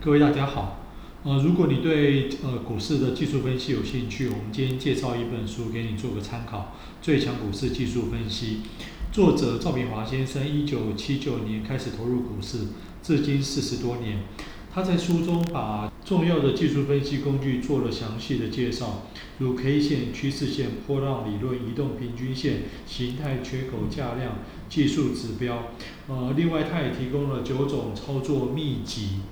各位大家好，呃，如果你對呃股市的技術分析有興趣，我們今天介紹一本書給你做個參考，《最強股市技術分析》。作者趙炳華先生一九七九年開始投入股市，至今四十多年。他在書中把重要的技術分析工具做了詳細的介紹，如 K 線、趨勢線、波浪理論、移動平均線、形態缺口、價量、技術指標。呃，另外，他也提供了九種操作秘籍。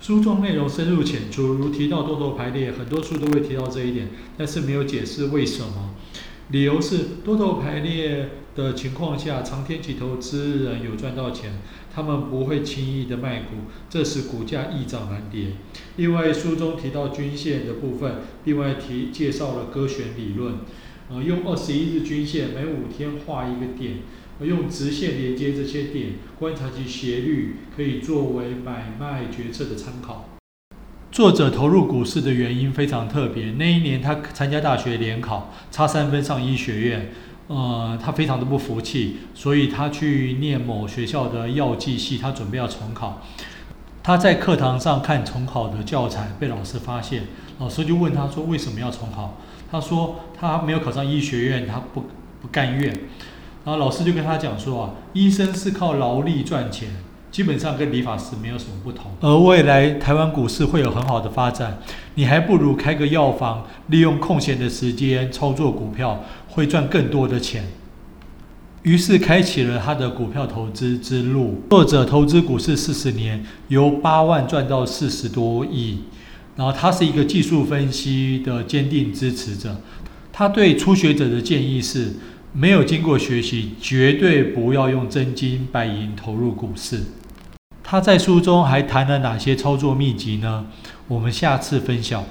書中內容深入淺出，如提到多頭排列，很多書都會提到這一點，但是沒有解釋為什麼。理由是多頭排列的情況下，長天期投資人有賺到錢，他們不會輕易的賣股，這時股價易漲難跌。另外書中提到均線的部分，另外提介紹了葛選理論，呃，用二十一日均線每五天畫一個點。用直線連接這些點，觀察其斜率，可以作為買賣決策的參考。作者投入股市的原因非常特別。那一年他參加大學聯考，差三分上醫學院，呃，他非常的不服氣，所以他去念某學校的藥劑系。他準備要重考，他在課堂上看重考的教材，被老師發現，老師就問他說為什麼要重考？他說他沒有考上醫學院，他不不甘願。然後老師就跟他講說：“啊，醫生是靠勞力賺錢，基本上跟理髮師沒有什麼不同。而未來台灣股市會有很好的發展，你還不如開個藥房，利用空閒的時間操作股票，會賺更多的錢。”於是開啟了他的股票投資之路。作者投資股市四十年，由八萬賺到四十多億。然後他是一個技術分析的堅定支持者。他對初學者的建議是：沒有經過學習，絕對不要用真金白銀投入股市。他在書中還談了哪些操作秘籍呢？我們下次分享。